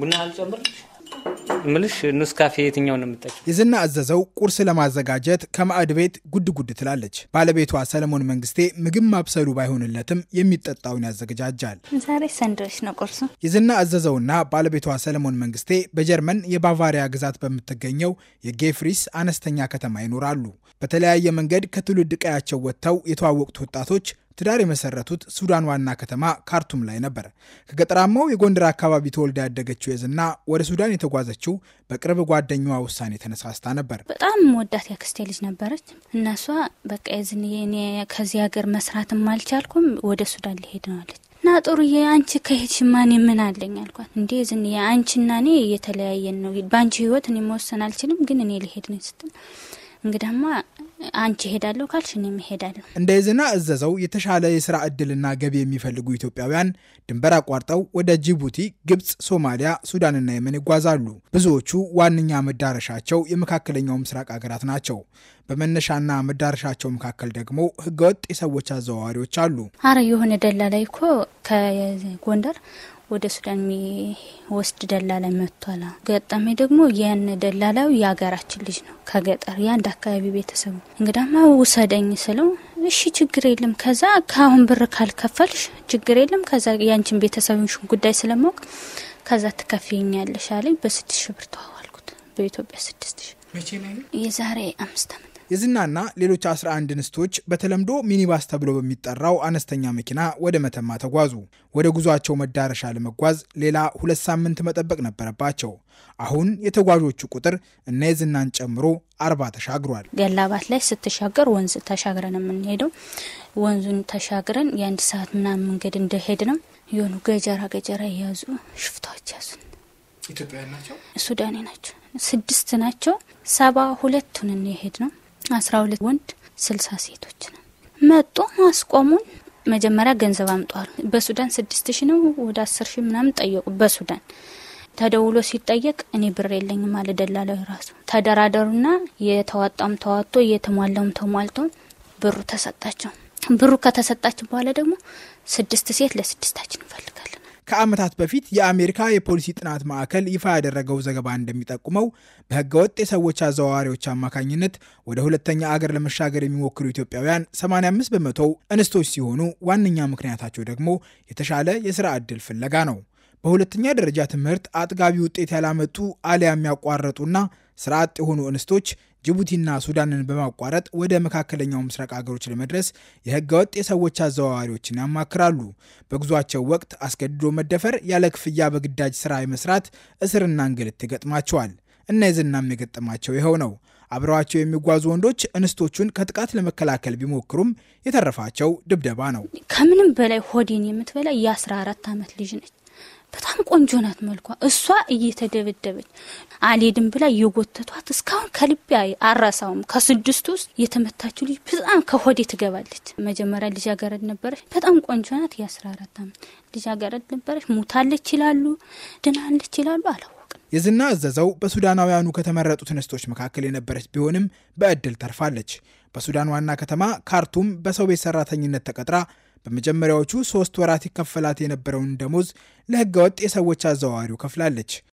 ቡና አልጨምር ምልሽ ኔስካፌ የትኛው ነው የምጠጭው? የዝና አዘዘው ቁርስ ለማዘጋጀት ከማዕድ ቤት ጉድ ጉድ ትላለች። ባለቤቷ ሰለሞን መንግስቴ ምግብ ማብሰሉ ባይሆንለትም የሚጠጣውን ያዘገጃጃል። ዛሬ ሰንድዊች ነው ቁርሱ። የዝና አዘዘውና ባለቤቷ ሰለሞን መንግስቴ በጀርመን የባቫሪያ ግዛት በምትገኘው የጌፍሪስ አነስተኛ ከተማ ይኖራሉ። በተለያየ መንገድ ከትውልድ ቀያቸው ወጥተው የተዋወቁት ወጣቶች ትዳር የመሰረቱት ሱዳን ዋና ከተማ ካርቱም ላይ ነበር። ከገጠራማው የጎንደር አካባቢ ተወልዳ ያደገችው የዝና ወደ ሱዳን የተጓዘችው በቅርብ ጓደኛዋ ውሳኔ ተነሳስታ ነበር። በጣም ወዳት ያክስቴ ልጅ ነበረች እና እሷ በቃ የዝኔ ከዚህ ሀገር መስራትም አልቻልኩም ወደ ሱዳን ሊሄድ ነው አለች እና ጥሩዬ የአንቺ ከሄድሽ ማን ምን አለኝ አልኳት። እንዴ ዝን የአንቺና እኔ እየተለያየን ነው፣ በአንቺ ህይወት እኔ መወሰን አልችልም፣ ግን እኔ ሊሄድ ነው ስትል እንግዳማ አንቺ እሄዳለሁ ካልሽ እኔም እንደ ዝና እዘዘው የተሻለ የስራ እድልና ገቢ የሚፈልጉ ኢትዮጵያውያን ድንበር አቋርጠው ወደ ጅቡቲ፣ ግብፅ፣ ሶማሊያ፣ ሱዳንና የመን ይጓዛሉ። ብዙዎቹ ዋነኛ መዳረሻቸው የመካከለኛው ምስራቅ ሀገራት ናቸው። በመነሻና መዳረሻቸው መካከል ደግሞ ህገወጥ የሰዎች አዘዋዋሪዎች አሉ። አረ የሆነ ደላላይ እኮ ከጎንደር ወደ ሱዳን የሚወስድ ደላላ መጥቷል። ገጠሜ ደግሞ ያን ደላላው የሀገራችን ልጅ ነው፣ ከገጠር የአንድ አካባቢ ቤተሰቡ እንግዳማ ውሰደኝ ስለው እሺ ችግር የለም ከዛ ከአሁን ብር ካልከፈልሽ ችግር የለም ከዛ ያንቺን ቤተሰብሽን ጉዳይ ስለማወቅ ከዛ ትከፍይኛለሽ አለኝ። በስድስት ሺ ብር ተዋዋልኩት። በኢትዮጵያ ስድስት ሺ የዛሬ አምስት ዓመት የዝናና ሌሎች 11 እንስቶች በተለምዶ ሚኒባስ ተብሎ በሚጠራው አነስተኛ መኪና ወደ መተማ ተጓዙ። ወደ ጉዟቸው መዳረሻ ለመጓዝ ሌላ ሁለት ሳምንት መጠበቅ ነበረባቸው። አሁን የተጓዦቹ ቁጥር እና የዝናን ጨምሮ አርባ ተሻግሯል። ገላባት ላይ ስትሻገር ወንዝ ተሻግረን የምንሄደው ወንዙን ተሻግረን የአንድ ሰዓት ምናምን መንገድ እንደሄድ ነው የሆኑ ገጀራ ገጀራ የያዙ ሽፍታዎች ያዙን። ኢትዮጵያ ናቸው፣ ሱዳኔ ናቸው። ስድስት ናቸው። ሰባ ሁለቱን ነው አስራ ሁለት ወንድ ስልሳ ሴቶች ነው መጡ አስቆሙን። መጀመሪያ ገንዘብ አምጧሉ። በሱዳን ስድስት ሺ ነው ወደ አስር ሺ ምናምን ጠየቁ። በሱዳን ተደውሎ ሲጠየቅ እኔ ብር የለኝም አለ ራሱ። ተደራደሩና የተዋጣም ተዋጥቶ የተሟላውም ተሟልቶ ብሩ ተሰጣቸው። ብሩ ከተሰጣቸው በኋላ ደግሞ ስድስት ሴት ለስድስታችን እንፈልጋለን ከዓመታት በፊት የአሜሪካ የፖሊሲ ጥናት ማዕከል ይፋ ያደረገው ዘገባ እንደሚጠቁመው በህገወጥ የሰዎች አዘዋዋሪዎች አማካኝነት ወደ ሁለተኛ አገር ለመሻገር የሚሞክሩ ኢትዮጵያውያን 85 በመቶ እንስቶች ሲሆኑ ዋነኛ ምክንያታቸው ደግሞ የተሻለ የስራ ዕድል ፍለጋ ነው። በሁለተኛ ደረጃ ትምህርት አጥጋቢ ውጤት ያላመጡ አሊያም ያቋረጡና ስርዓት የሆኑ እንስቶች ጅቡቲና ሱዳንን በማቋረጥ ወደ መካከለኛው ምስራቅ አገሮች ለመድረስ የህገወጥ የሰዎች አዘዋዋሪዎችን ያማክራሉ። በጉዟቸው ወቅት አስገድዶ መደፈር፣ ያለ ክፍያ በግዳጅ ስራ የመስራት እስርና እንግልት ይገጥማቸዋል። እና የዝናም የገጠማቸው ይኸው ነው። አብረዋቸው የሚጓዙ ወንዶች እንስቶቹን ከጥቃት ለመከላከል ቢሞክሩም የተረፋቸው ድብደባ ነው። ከምንም በላይ ሆዴን የምትበላ የ14 ዓመት ልጅ ነች። በጣም ቆንጆ ናት መልኳ። እሷ እየተደበደበች አልሄድም ብላ እየጎተቷት እስካሁን ከልቤ አራሳውም። ከስድስቱ ውስጥ የተመታችው ልጅ በጣም ከሆዴ ትገባለች። መጀመሪያ ልጃገረድ ነበረች፣ በጣም ቆንጆ ናት። የአስራ አራት ዓመት ልጃገረድ ነበረች። ሙታለች ይላሉ፣ ድናለች ይላሉ፣ አላወቅም። የዝና አዘዘው በሱዳናውያኑ ከተመረጡት እንስቶች መካከል የነበረች ቢሆንም በእድል ተርፋለች። በሱዳን ዋና ከተማ ካርቱም በሰው ቤት ሰራተኝነት ተቀጥራ በመጀመሪያዎቹ ሶስት ወራት ይከፈላት የነበረውን ደሞዝ ለህገወጥ የሰዎች አዘዋዋሪው ከፍላለች።